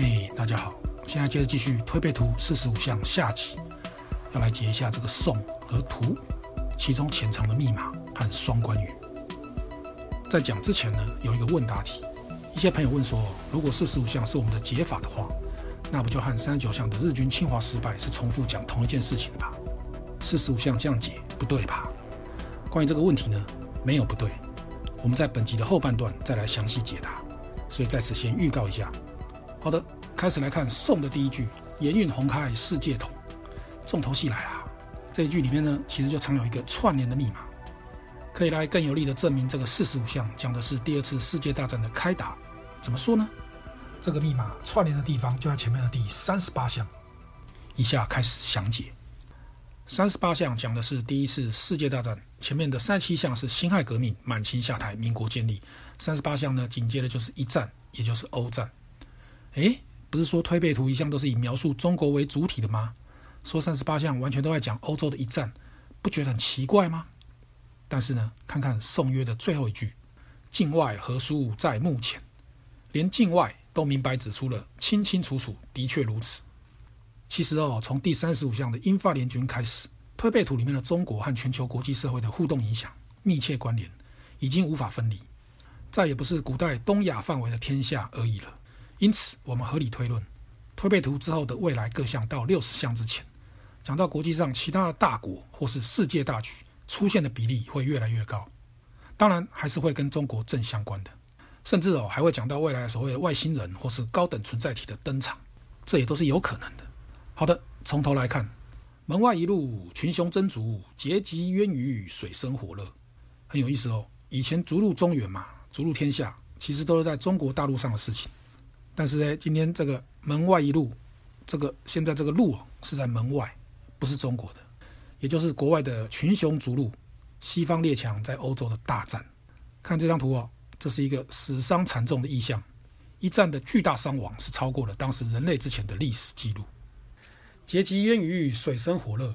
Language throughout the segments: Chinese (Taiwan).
哎、hey，大家好！現在接着繼續推背圖四十五象下集，要來解一下這個“頌”和“圖”，其中潛藏的密碼和雙關語。在講之前呢，有一個問答題。一些朋友問說：“如果四十五象是我們的解法的話，那不就和三十九象的日軍侵華失敗是重複講同一件事情的吧？四十五象這樣解不對吧？”關於這個問題呢，沒有不對。我們在本集的後半段再來詳細解答，所以在此先預告一下。好的，開始來看頌的第一句，“炎運宏開世界同”，重頭戲來啦！這一句裡面呢，其實就藏有一個串聯的密碼，可以來更有力的證明這個四十五象講的是第二次世界大戰的開打。怎麼說呢？這個密碼串聯的地方就在前面的第三十八象。以下開始詳解：三十八象講的是第一次世界大戰，前面的三十七象是辛亥革命、滿清下台、民國建立，三十八象呢，緊接着就是一戰，也就是歐戰。誒，不是說推背圖一向都是以描述中國為主體的嗎？說三十八象完全都在講歐洲的一戰，不覺得很奇怪嗎？但是呢，看看頌曰的最後一句，“境外何殊在目前”，連境外都明白指出了，清清楚楚，的確如此。其實哦，從第三十五象的英法聯軍開始，推背圖裡面的中國和全球國際社會的互動影響密切關聯，已經無法分離，再也不是古代東亞範圍的天下而已了。因此，我們合理推論，推背圖之後的未來各象到六十象之前，講到國際上其他的大國或是世界大局出現的比例會越來越高。當然，還是會跟中國正相關的，甚至哦還會講到未來所謂的外星人或是高等存在體的登場，這也都是有可能的。好的，從頭來看，門外一鹿，群雄爭逐，劫及鳶魚，水深火熱，很有意思哦。以前逐鹿中原嘛，逐鹿天下，其實都是在中國大陸上的事情。但是呢，今天這個門外一路，這個現在這個路啊，是在門外，不是中國的，也就是國外的群雄逐鹿，西方列強在歐洲的大戰。看這張圖啊，這是一個死傷慘重的意象。一戰的巨大傷亡是超過了當時人類之前的歷史記錄。“截擊淵魚，水深火熱”，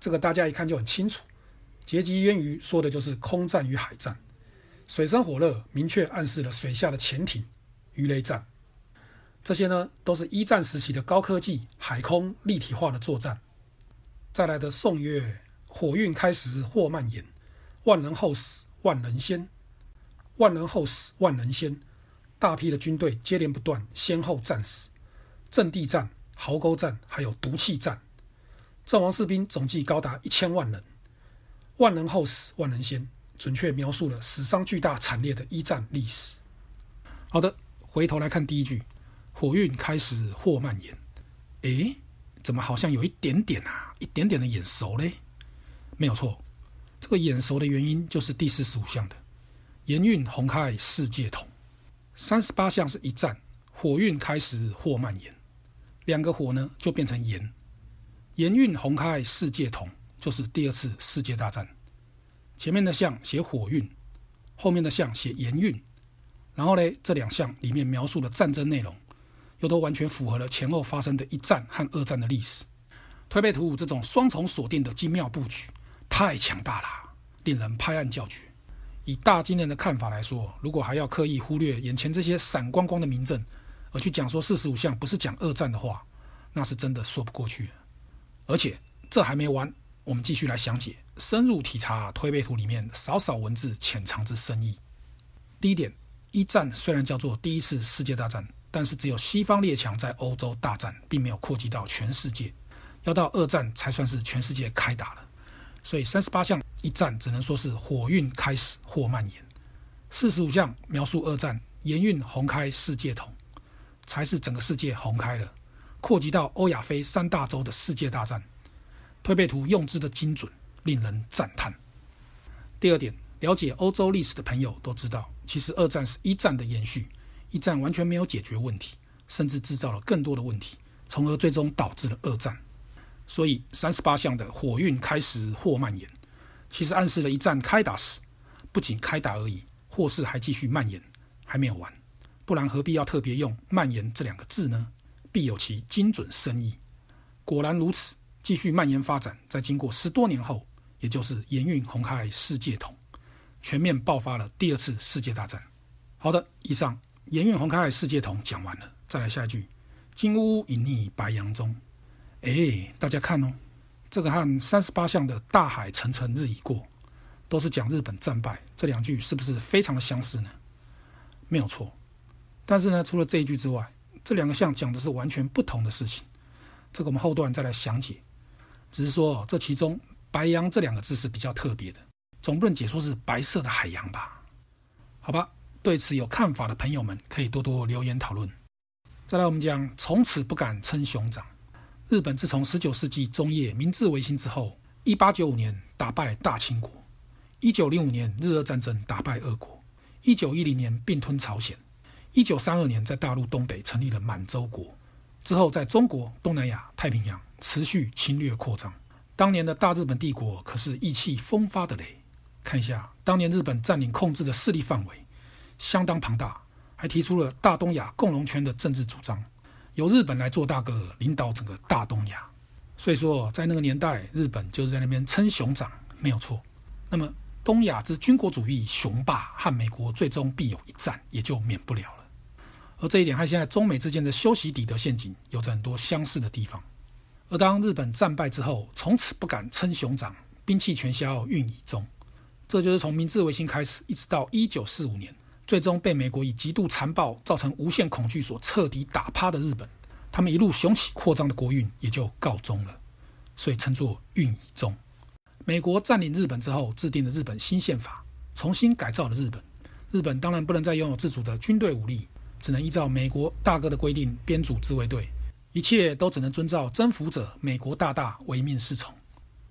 這個大家一看就很清楚。“截擊淵魚”說的就是空戰與海戰，“水深火熱”明確暗示了水下的潛艇、魚雷戰。這些呢，都是一戰時期的高科技、海空立體化的作戰。再來的宋越火運開始或蔓延，萬人後死，萬人先；萬人後死，萬人先。大批的軍隊接連不斷，先後戰死，陣地戰、壕溝戰，還有毒氣戰。陣亡士兵總計高達一千萬人。萬人後死，萬人先，準確描述了死傷巨大慘烈的一戰歷史。好的，回頭來看第一句。火運開始禍蔓延，誒，怎麼好像有一點點啊？一點點的眼熟嘞，沒有錯，這個眼熟的原因就是第四十五象的“炎運宏開世界同”。三十八象是一戰，火運開始禍蔓延，兩個火呢就變成炎，炎運宏開世界同，就是第二次世界大戰，前面的象寫火運，後面的象寫炎運，然後嘞，這兩象裡面描述的戰爭內容。又都完全符合了前後發生的一戰和二戰的歷史。推背圖五這種雙重鎖定的精妙布局，太強大了，令人拍案叫絕。以大金人的看法來說，如果還要刻意忽略眼前這些閃光光的明證，而去講說四十五象不是講二戰的話，那是真的說不過去。而且這還沒完，我們繼續來詳解，深入體察推背圖裡面少少文字潛藏之深意。第一點，一戰雖然叫做第一次世界大戰。但是只有西方列強在歐洲大戰，並沒有擴及到全世界，要到二戰才算是全世界開打了。所以三十八項一戰只能說是火運開始或蔓延，四十五項描述二戰炎運宏開世界同，才是整個世界紅開了，擴及到歐亞非三大洲的世界大戰。推背圖用字的精準令人讚嘆。第二點，了解歐洲歷史的朋友都知道，其實二戰是一戰的延續。一戰完全沒有解決問題，甚至製造了更多的問題，從而最終導致了二戰。所以，三十八象的火運開時禍蔓延，其實暗示了一戰開打時，不僅開打而已，禍事還繼續蔓延，還沒有完。不然何必要特別用“蔓延”這兩個字呢？必有其精準深意。果然如此，繼續蔓延發展，在經過十多年後，也就是炎運宏開世界同，全面爆發了第二次世界大戰。好的，以上。炎運宏開海世界同講完了，再來下一句：金烏隱匿白洋中。哎，大家看哦，這個和三十八象的“大海沉沉日已過”都是講日本戰敗，這兩句是不是非常的相似呢？沒有錯。但是呢，除了這一句之外，這兩個象講的是完全不同的事情。這個我們後段再來詳解。只是說這其中“白洋”這兩個字是比較特別的，總不能解說是白色的海洋吧？好吧。對此有看法的朋友們，可以多多留言討論。再來，我們講從此不敢稱雄長。日本自從十九世紀中葉明治維新之後，一八九五年打敗大清國，一九零五年日俄戰爭打敗俄國，一九一零年併吞朝鮮，一九三二年在大陸東北成立了滿洲國，之後在中國、東南亞、太平洋持續侵略擴張。當年的大日本帝國可是意氣風發的嘞！看一下當年日本佔領控制的勢力範圍。相當龐大，還提出了大東亞共榮圈的政治主張，由日本來做大哥，領導整個大東亞。所以說，在那個年代，日本就是在那邊稱雄長，沒有錯。那麼，東亞之軍國主義雄霸和美國最終必有一戰，也就免不了了。而這一點和現在中美之間的修昔底德陷阱有着很多相似的地方。而當日本戰敗之後，從此不敢稱雄長，兵氣全銷運已終，這就是從明治維新開始，一直到一九四五年。最終被美國以極度殘暴造成無限恐懼所徹底打趴的日本，他們一路雄起擴張的國運也就告終了，所以稱作運已終。美國佔領日本之後，制定了日本新憲法，重新改造了日本。日本當然不能再擁有自主的軍隊武力，只能依照美國大哥的規定編組自衛隊，一切都只能遵照征服者美國大大唯命是從。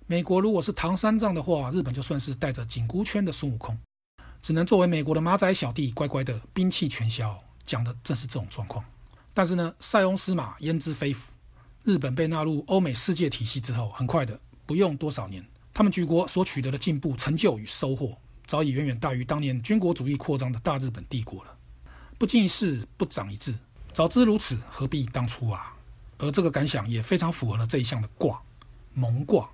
美國如果是唐三藏的話，日本就算是帶着緊箍圈的孫悟空。只能作為美國的馬仔小弟，乖乖的兵器全銷，講的正是這種狀況。但是呢，塞翁失馬焉知非福？日本被納入歐美世界體系之後，很快的，不用多少年，他們舉國所取得的進步、成就與收穫，早已遠遠大於當年軍國主義擴張的大日本帝國了。不經一事，不長一智，早知如此，何必當初啊？而這個感想也非常符合了這一項的卦，蒙卦。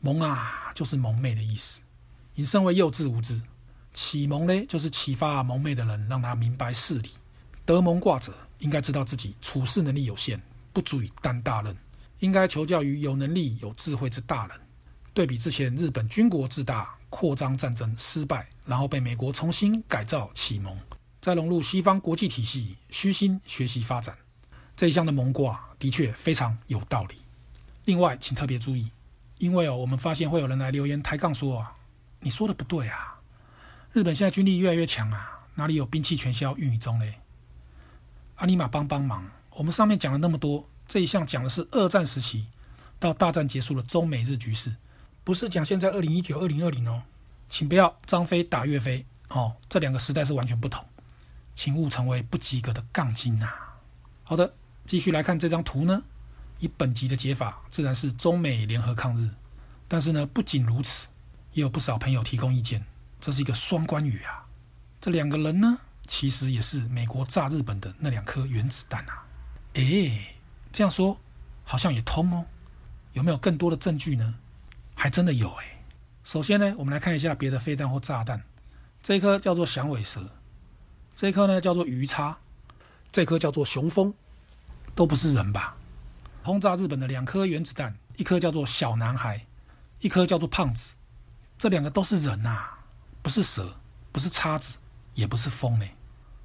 蒙啊，就是蒙昧的意思，引申為幼稚無知。啟蒙呢，就是啟發蒙昧的人，讓他明白事理。得蒙卦者應該知道自己處事能力有限，不足以擔大任，應該求教於有能力、有智慧之大人。對比之前日本軍國自大、擴張戰爭失敗，然後被美國重新改造啟蒙，再融入西方國際體系，虛心學習發展，這一項的蒙卦的確非常有道理。另外，請特別注意，因為哦，我們發現會有人來留言抬槓說啊，你說的不對啊。日本現在軍力越來越強啊，哪裡有兵氣全銷運已終嘞？阿你嘛幫幫忙！我們上面講了那麼多，這一象講的是二戰時期到大戰結束的中美日局勢，不是講現在二零一九、二零二零哦。請不要張飛打岳飛哦，這兩個時代是完全不同，請勿成為不及格的槓精啊！好的，繼續來看這張圖呢，以本集的解法，自然是中美聯合抗日。但是呢，不僅如此，也有不少朋友提供意見。這是一個雙關語啊！這兩個人呢，其實也是美國炸日本的那兩顆原子彈啊！哎，這樣說好像也通哦。有沒有更多的證據呢？還真的有哎。首先呢，我們來看一下別的飛彈或炸彈。這一顆叫做響尾蛇，這一顆呢叫做魚叉，這一顆叫做雄風，都不是人吧？轟炸日本的兩顆原子彈，一顆叫做小男孩，一顆叫做胖子，這兩個都是人吶、啊。不是蛇，不是叉子，也不是風呢。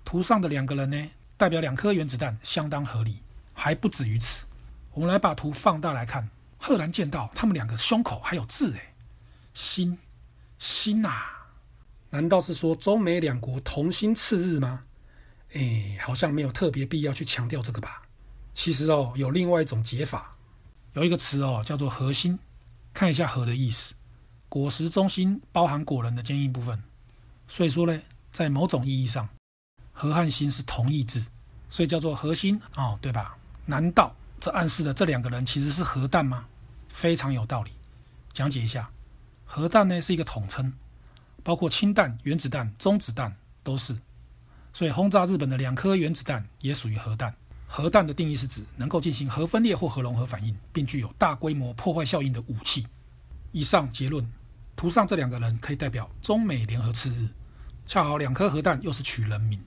圖上的兩個人呢，代表兩顆原子彈，相當合理。還不止於此，我們來把圖放大來看，赫然見到他們兩個胸口還有字哎，心，心吶、啊，難道是說中美兩國同心赤日嗎？哎，好像沒有特別必要去強調這個吧。其實哦，有另外一種解法，有一個詞哦，叫做核心，看一下“核”的意思。果實中心包含果仁的堅硬部分，所以說呢，在某種意義上，核和心是同義字，所以叫做核心哦，對吧？難道這暗示的這兩個人其實是核彈嗎？非常有道理。講解一下，核彈呢是一個統稱，包括氫彈、原子彈、中子彈都是。所以轟炸日本的兩顆原子彈也屬於核彈。核彈的定義是指能夠進行核分裂或核融合反應，並具有大規模破壞效應的武器。以上結論。圖上這兩個人可以代表中美聯合赤日，恰好兩顆核彈又是取人名，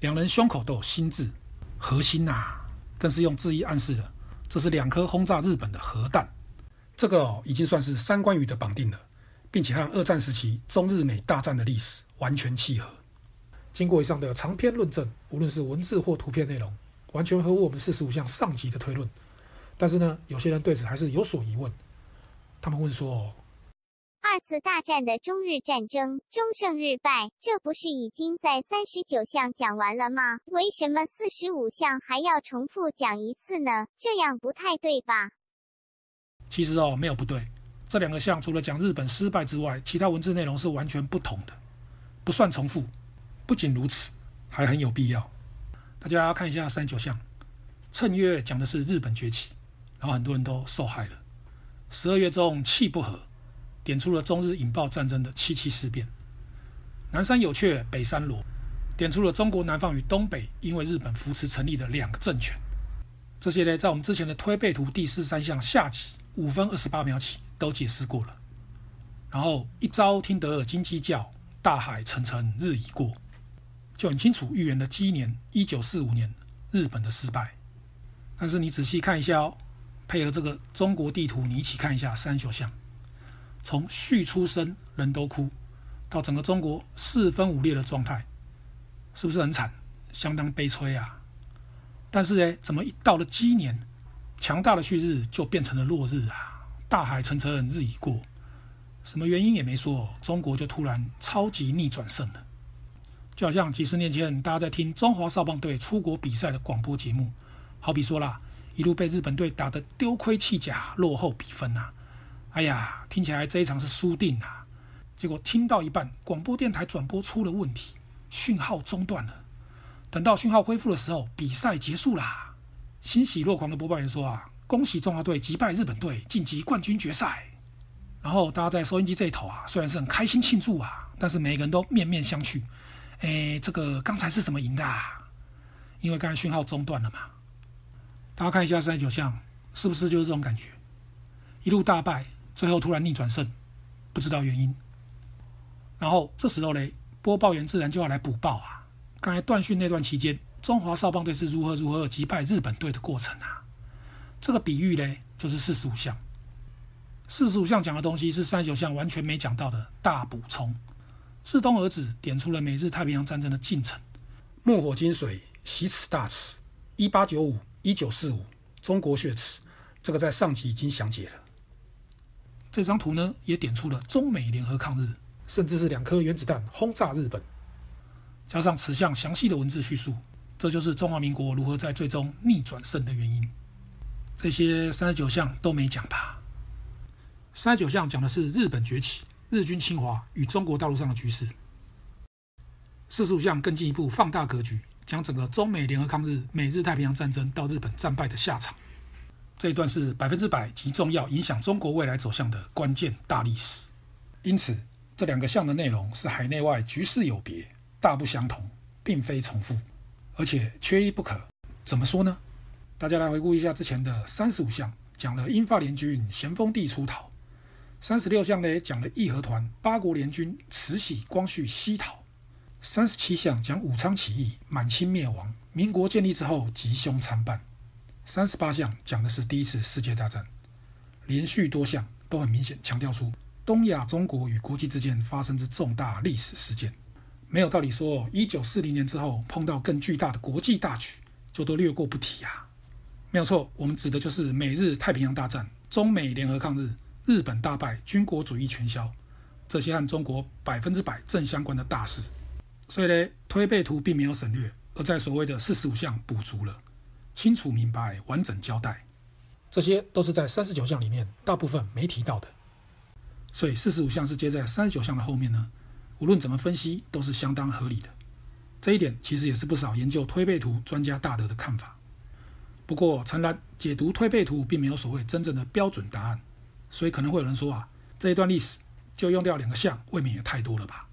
兩人胸口都有「心」字，「核心」吶、啊，更是用字意暗示了這是兩顆轟炸日本的核彈。這個哦，已經算是三關語的綁定了，並且和二戰時期中日美大戰的歷史完全契合。經過以上的長篇論證，無論是文字或圖片內容，完全合乎我們四十五象上集的推論。但是呢，有些人對此還是有所疑問，他們問說二次大戰的中日戰爭，中勝日敗，這不是已經在三十九象講完了嗎？為什麼四十五象還要重複講一次呢？這樣不太對吧？其實哦，沒有不對。這兩個象除了講日本失敗之外，其他文字內容是完全不同的，不算重複。不僅如此，還很有必要。大家要看一下三九象，趁月講的是日本崛起，然後很多人都受害了。十二月中氣不和。點出了中日引爆戰爭的七七事變，南山有雀北山羅，點出了中國南方與東北，因為日本扶持成立的兩個政權。這些呢，在我們之前的推背圖第四三象下集五分二十八秒起都解釋過了。然後一朝聽得金雞叫，大海沉沉日已過，就很清楚預言的雞年一九四五年日本的失敗。但是你仔細看一下哦，配合這個中國地圖，你一起看一下三九象。從旭初升，人都哭，到整個中國四分五裂的狀態，是不是很慘，相當悲催啊？但是呢，怎麼一到了雞年，強大的旭日就變成了落日啊？大海沉沉，日已過，什麼原因也沒說，中國就突然超級逆轉勝了，就好像幾十年前大家在聽中華少棒隊出國比賽的廣播節目，好比說啦，一路被日本隊打得丟盔棄甲，落後比分啊。哎呀，聽起來這一場是輸定了、啊。結果聽到一半，廣播電台轉播出了問題，訊號中斷了。等到訊號恢復的時候，比賽結束啦！欣喜若狂的播報員說：“啊，恭喜中華隊擊敗日本隊，晉級冠軍決賽。”然後大家在收音機這一頭啊，雖然是很開心慶祝啊，但是每個人都面面相覷。哎、欸，這個剛才是怎麼贏的、啊？因為剛才訊號中斷了嘛。大家看一下三十九象，是不是就是這種感覺？一路大敗。最後突然逆轉勝，不知道原因。然後這時候嘞，播報員自然就要來補報啊。剛才斷訊那段期間，中華少棒隊是如何如何擊敗日本隊的過程啊？這個比喻嘞，就是四十五象。四十五象講的東西是三十九象完全沒講到的大補充，自東而子點出了美日太平洋戰爭的進程。木火金水，洗此大恥。一八九五，一九四五，中國血恥。這個在上集已經詳解了。這張圖呢，也點出了中美聯合抗日，甚至是兩顆原子彈轟炸日本，加上此象詳細的文字敘述，這就是中華民國如何在最終逆轉勝的原因。這些三十九象都沒講吧？三十九象講的是日本崛起、日軍侵華與中國大陸上的局勢，四十五象更進一步放大格局，將整個中美聯合抗日、美日太平洋戰爭到日本戰敗的下場。這一段是百分之百極重要，影響中國未來走向的關鍵大歷史，因此這兩個象的內容是海內外局勢有別、大不相同，並非重複，而且缺一不可。怎麼說呢？大家來回顧一下之前的三十五象，講了英法聯軍、咸豐帝出逃；三十六象呢，講了義和團、八國聯軍、慈禧、光緒西逃；三十七象講武昌起義、滿清滅亡、民國建立之後吉凶參半。三十八象講的是第一次世界大戰，連續多項都很明顯強調出東亞中國與國際之間發生之重大歷史事件。沒有道理說一九四零年之後碰到更巨大的國際大局就都略過不提啊！沒有錯，我們指的就是美日太平洋大戰、中美聯合抗日、日本大敗、軍國主義全消，這些和中國百分之百正相關的大事。所以呢，推背圖並沒有省略，而在所謂的四十五象補足了。清楚明白，完整交代，這些都是在三十九象裡面大部分沒提到的，所以四十五象是接在三十九象的後面呢。無論怎麼分析，都是相當合理的。這一點其實也是不少研究推背圖專家大德的看法。不過，誠然，解讀推背圖並沒有所謂真正的標準答案，所以可能會有人說啊，這一段歷史就用掉兩個象，未免也太多了吧？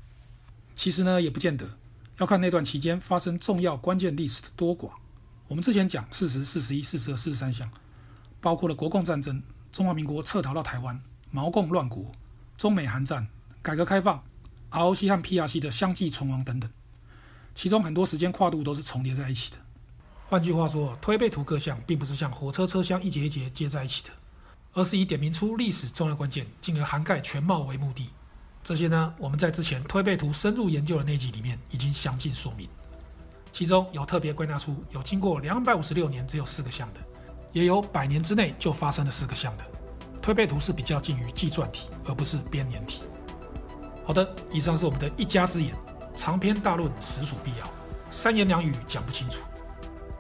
其實呢，也不見得，要看那段期間發生重要關鍵歷史的多寡。我們之前講四十、四十一、四十二、四十三象，包括了國共戰爭、中華民國撤逃到台灣、毛共亂國、中美韓戰、改革開放、ROC 和 PRC 的相繼存亡等等，其中很多時間跨度都是重疊在一起的。換句話說，推背圖各象並不是像火車車廂一節一節接在一起的，而是以點明出歷史重要關鍵，進而涵蓋全貌為目的。這些呢，我們在之前推背圖深入研究的那集裡面已經詳盡說明。其中有特別歸納出有經過兩百五十六年只有四個象的，也有百年之內就發生了四個象的。推背圖是比較近於紀傳體，而不是編年體。好的，以上是我們的一家之言，長篇大論實屬必要，三言兩語講不清楚。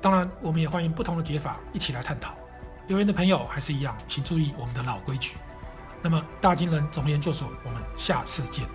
當然，我們也歡迎不同的解法一起來探討。留言的朋友還是一樣，請注意我們的老規矩。那麼，大金人總研究所，我們下次見。